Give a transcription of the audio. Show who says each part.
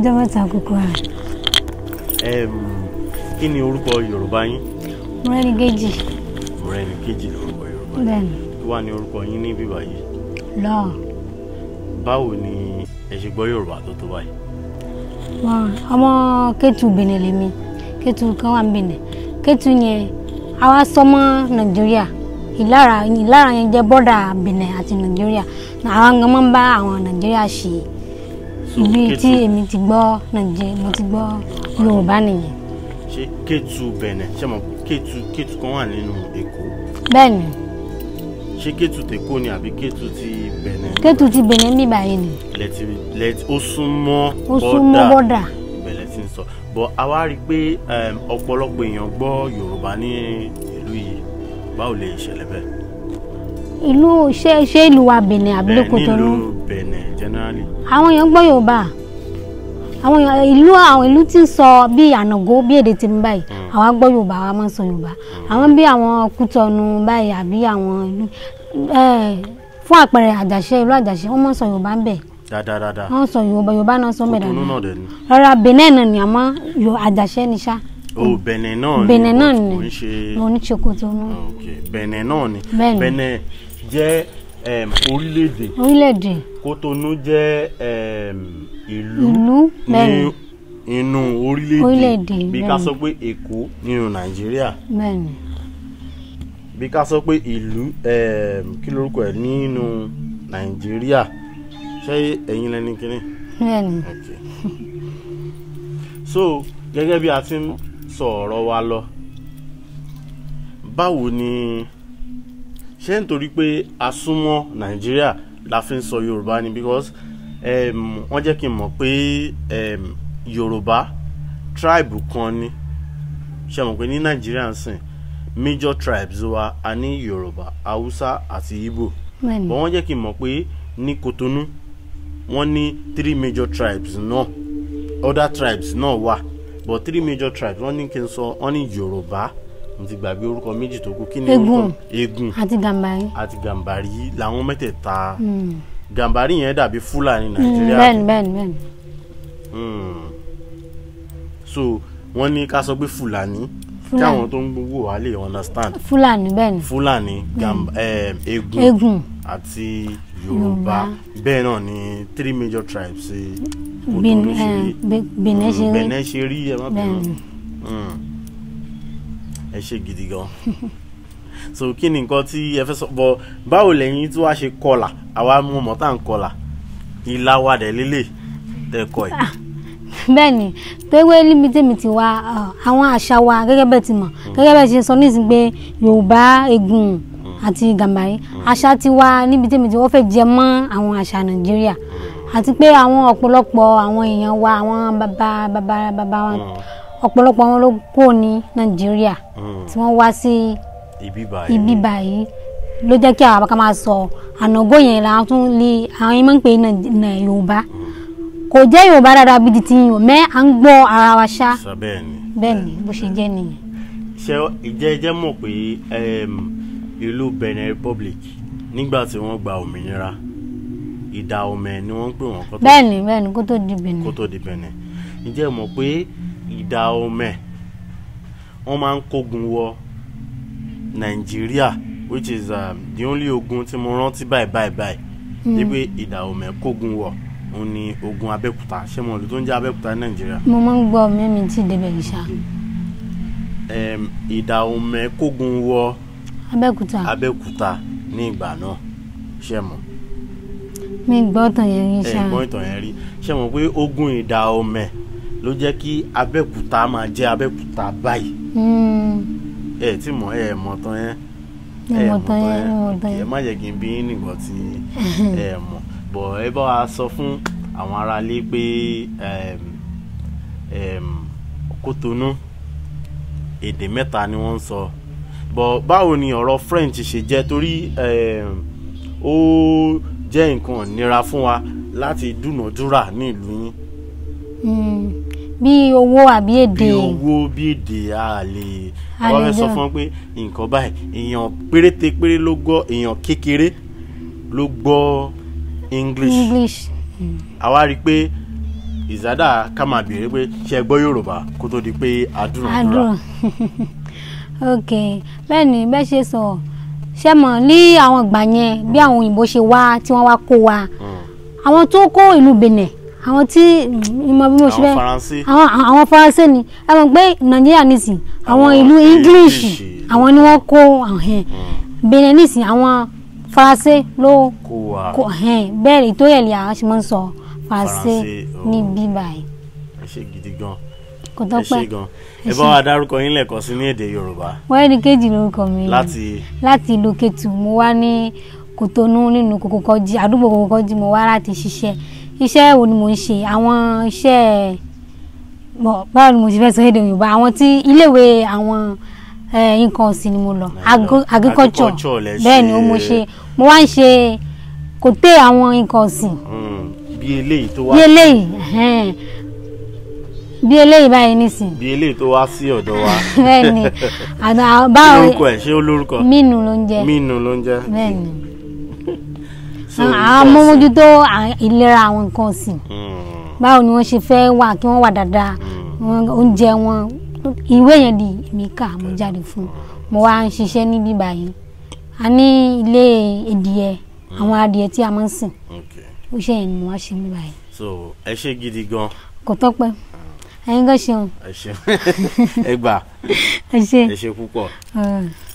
Speaker 1: ọjọ́ mẹ́ta kókó rà.
Speaker 2: kí ni orúkọ yorùbá yín.
Speaker 1: Mọ́rẹ́níkejì.
Speaker 2: Mọ́rẹ́níkejì lorúkọ yorùbá yín. bẹ́ẹ̀ni. kí wàá ní orúkọ yín ní bíbá yìí. lọ. báwo ni ẹ ṣe gbọ́ yorùbá tó tó báyìí.
Speaker 1: ọmọ kẹtù bìnnẹ lèmi kẹtù kan wà ń bìnnẹ kẹtù yẹn àwa sọmọ nàìjíríà ìlara ìlara yẹn jẹ bọ́dà bìnnẹ àti nàìjíríà àwọn gan máa ń bá àwọn nàìjíríà ṣe ibi tí èmi ti gbọ́ nàìjíríà mo ti gbọ́ yorùbá nìyẹn.
Speaker 2: ṣé kéètù bẹ̀nẹ̀ ṣé mo kéètù kéètù kan wà nínú èkó. bẹ́ẹ̀ni. ṣé kéètù tèkó ni àbí kéètù ti bẹ̀nẹ̀. kéètù ti
Speaker 1: bẹ̀nẹ̀ ní ìbàyẹn ni.
Speaker 2: lẹ́tì lẹ́tì ó súnmọ́ bọ́dà ó súnmọ́ bọ́dà ìbẹ̀lẹ̀ ti ń sọ bọ́ a wá rí i pé ọ̀pọ̀lọpọ̀ èèyàn gbọ́ yorùbá ní ìlú yìí báwo lè ṣẹlẹ̀ bẹ́ẹ̀.
Speaker 1: ìlú ṣe ṣe ìlú wa bẹ̀nẹ̀ àbí lóko tó lóun.
Speaker 2: Benin generally.
Speaker 1: àwọn èèyàn gbọ́ Yorùbá àwọn èèyàn ìlú àwọn ìlú tí ń sọ bí ànàgó bí èdè tèmi báyìí hmm. àwa gbọ́ Yorùbá àwa máa ń sọ Yorùbá hmm. àwọn bí àwọn Kútọ̀nù báyìí àbí àwọn ìlú fún àpẹẹrẹ àjàṣe ìlú àjàṣe wọ́n máa ń sọ Yorùbá ń bẹ̀
Speaker 2: dáadáa dáadáa wọ́n
Speaker 1: sọ Yorùbá Yorùbá náà sọ mẹ́ta ní rárá Benin náà ni àmọ́ àjàṣe ni ṣá
Speaker 2: o oh, bẹ̀nẹ̀ náà ni bẹ̀nẹ̀ ah, náà ni òun ṣe
Speaker 1: òun ṣe kòtò náà
Speaker 2: bẹ̀nẹ̀ náà ni bẹ̀nẹ̀ jẹ́ orílẹ̀-èdè orílẹ̀-èdè jẹ́ ìlú ní inú orílẹ̀-èdè bí ká sọ pé Èkó nínú Nàìjíríà bí ká pé ìlú kí lorúkọ ẹ̀ nínú Nàìjíríà ṣé ẹ̀yin lẹ́ni so gẹ́gẹ́ bí a ti sọ ọ̀rọ̀ wa lọ báwo ni. ṣé nítorí pé a súnmọ́ nàìjíríà la fi ń sọ yorùbá ni because wọ́n jẹ́ kí n mọ̀ pé yorùbá tribe kan ni ṣe mọ̀ pé ní nàìjíríà ń sìn major tribes wa a ní yorùbá haúsá àti igbo but wọ́n jẹ́ kí n mọ̀ pé ní kotonu wọ́n ní three major tribes náà other tribes náà wà but three major tribes wọ́n ní kí n sọ wọ́n ní yorùbá. mo ti gbàgbé orúkọ méjì tó kù kí ni orúkọ egun àti Gambari. àti Gambari. làwọn mẹ́tẹ̀ẹ̀ta hmm. Gambari yẹn dàbí fúlàní hmm. nàìjíríà bẹ́ẹ̀ni bẹ́ẹ̀ni bẹ́ẹ̀ni. Hmm. so wọ́n ní ká sọ pé fúlàní kí àwọn tó ń gbowó wa lè understand.
Speaker 1: fúlàní bẹ́ẹ̀ni. fúlàní
Speaker 2: eh, egun egun àti yorùbá bẹ́ẹ̀ náà ni three major tribes. Eh,
Speaker 1: eh, benin ṣe rí benin
Speaker 2: ṣe rí ẹ má bẹ̀rù ẹ ṣe gidi gan so kí ni nǹkan tí ẹ fẹ́ sọ bọ báwo lẹ́yìn tí wàá ṣe kọlà àwa mú ọmọ tá à ń kọlà ìlà wa dẹ̀ lélẹ̀ tẹ kọ yìí. Ah,
Speaker 1: bẹ́ẹ̀ ni tẹ́wé ti wa ah, àwọn àṣà wa gẹ́gẹ́ bẹ́ẹ̀ ti mọ̀ hmm. gẹ́gẹ́ bẹ́ẹ̀ ṣe sọ nísìnyí pé yorùbá egun hmm. àti gàmbàrí hmm. àṣà ti wa níbi tẹ́mi ti wọ́n fẹ́ jẹ mọ́ àwọn àṣà nàìjíríà àti pé àwọn ọ̀pọ̀lọpọ̀ àwọn èèyàn wa àwọn bàbá bàbá bàbá wa ọ̀pọ̀lọpọ̀ àwọn ló kúrò ní nàìjíríà hmm. tí wọ́n wá sí ibi báyìí ló jẹ́ kí àwọn kan máa sọ ànágó yẹn làwọn tún lè àwọn yẹn máa ń pè ní yorùbá hmm. kò jẹ́ yorùbá dáadáa bíi ti tiyín mẹ́ à ń gbọ́ ara wa ṣá bẹ́ẹ̀ ni bó ṣe jẹ́ nìyẹn.
Speaker 2: ṣé ìjẹ́ jẹ́ mọ̀ pé ìlú Benin Republic nígbà tí wọ́n gba òmìnira ìdá ọmọ ẹ̀ ni wọ́n ń pè wọ́n. bẹ́ẹ̀ ni bẹ́ẹ̀ ni kó
Speaker 1: tó di Benin. kó
Speaker 2: tó di Benin ǹjẹ́ mọ̀ pé ìdá omi wọ́n máa ń kógun wọ nàìjíríà which is um, the only ogun tí mo rántí báyìí báyìí báyìí níbi hmm. ìdá omi kógun wọ òun ni ogun abẹ́òkúta ṣé mo lè tó ń jẹ́ abẹ́òkúta ní nàìjíríà.
Speaker 1: mo máa ń gbọ́ mẹ́mi tí débẹ̀ yìí ṣá.
Speaker 2: Hmm. ìdá omi kógun wọ abẹ́òkúta abẹ́òkúta ní ìgbà náà ṣé mo
Speaker 1: mi gbọ́ tàn yẹn rí ṣá. ẹ gbọ́
Speaker 2: ìtàn yẹn rí ṣé mo pé ogun ìdá omi ló jẹ́ kí abẹ́òkúta máa jẹ́ abẹ́òkúta báyìí
Speaker 1: hmm.
Speaker 2: ẹ ẹ tí mọ ẹ ẹ mọ tán yẹn
Speaker 1: ẹ mọ tán yẹn ẹ
Speaker 2: má jẹ́ kí n bí yín nìkan tí ẹ mọ bọ̀ ẹ bá wa sọ fún àwọn aráalé pé Kótonú èdè mẹ́ta ni wọ́n ń sọ bọ̀ báwo ni ọ̀rọ̀ French ṣe jẹ́ torí ó jẹ́ nǹkan nira fún wa láti dúnàádúrà ní ìlú yín.
Speaker 1: Hmm bí owó àbí èdè bí
Speaker 2: owó bí èdè a lè
Speaker 1: wọ́n fẹ́ sọ fún
Speaker 2: pé nǹkan báyìí èèyàn péréte péré ló gbọ́ èèyàn kékeré ló gbọ́ english english àwa rí i pé ìzádà ká máa béèrè pé ṣe gbọ́ yorùbá kó tó di pé àdúrà
Speaker 1: ok bẹ́ẹ̀ ni bẹ́ẹ̀ ṣe sọ ṣe mọ̀ ní àwọn ìgbà yẹn bí àwọn òyìnbó ṣe wá tí wọ́n wá kó wa hmm. àwọn tó kó ìlú benin àwọn tí mm, ìmọ̀ bí mo ṣe fẹ́ àwọn faransé ni ẹ mọ̀ pé nàìjíríà nìsín àwọn ìlú english àwọn ni wọ́n kó hmm. benin nìsín àwọn faransé ló
Speaker 2: kó
Speaker 1: bẹ́ẹ̀ ni tó yẹ lè àwọn ṣe máa ń sọ faransé oh. ní bíbá yìí.
Speaker 2: ẹ ṣe gidi gan kò tó pẹ́ ẹ ṣe gan ẹ bá wa dárúkọ yín lẹ́ẹ̀kan sí ní èdè yorùbá.
Speaker 1: wọ́n ẹni kejì lórúkọ mi láti láti ìlú ketu mo wá ní kòtónú nínú kòkòkọ́jí àdúgbò kòkòkọ́jí mo wá láti ṣiṣẹ́ iṣẹ́ wo ni mo ń ṣe àwọn iṣẹ́ báwo ni mo ti fẹ́ sọ èdè Yorùbá àwọn tí iléèwé àwọn nǹkan ọ̀sìn ni mo lọ agriculture bẹ́ẹ̀ ni mo ṣe mo wá ń ṣe kò tẹ àwọn nǹkan ọ̀sìn. Hmm,
Speaker 2: bí eléyìí tó wá bí eléyìí
Speaker 1: bí eléyìí báyìí nísìn.
Speaker 2: bí eléyìí tó wá sí ọ̀dọ̀ wa. bẹ́ẹ̀ ni àná lórúkọ ẹ̀ ṣé ó lórúkọ. mínú ló ń jẹ́. mínú ló ń jẹ́. bẹ́ẹ̀ ni àwọn ọmọ mójútó
Speaker 1: ìlera àwọn nǹkan ọ̀sìn mm. báwo ni wọ́n ṣe fẹ́ wà kí wọ́n wà dáadáa mm. oúnjẹ wọn ìwé yẹn di èmi kà mo mm. jáde fún mo wá ń ṣiṣẹ́ níbí báyìí a ní ilé adìẹ àwọn adìẹ tí a máa ń sìn ó ṣe yẹn ni mo wá ṣe níbí báyìí.
Speaker 2: so ẹ ṣe gidi gan.
Speaker 1: kò tọ́pẹ́ ẹ̀yin gan ṣeun.
Speaker 2: ẹ ṣeun ẹ gbà ẹ ṣe
Speaker 1: púpọ̀.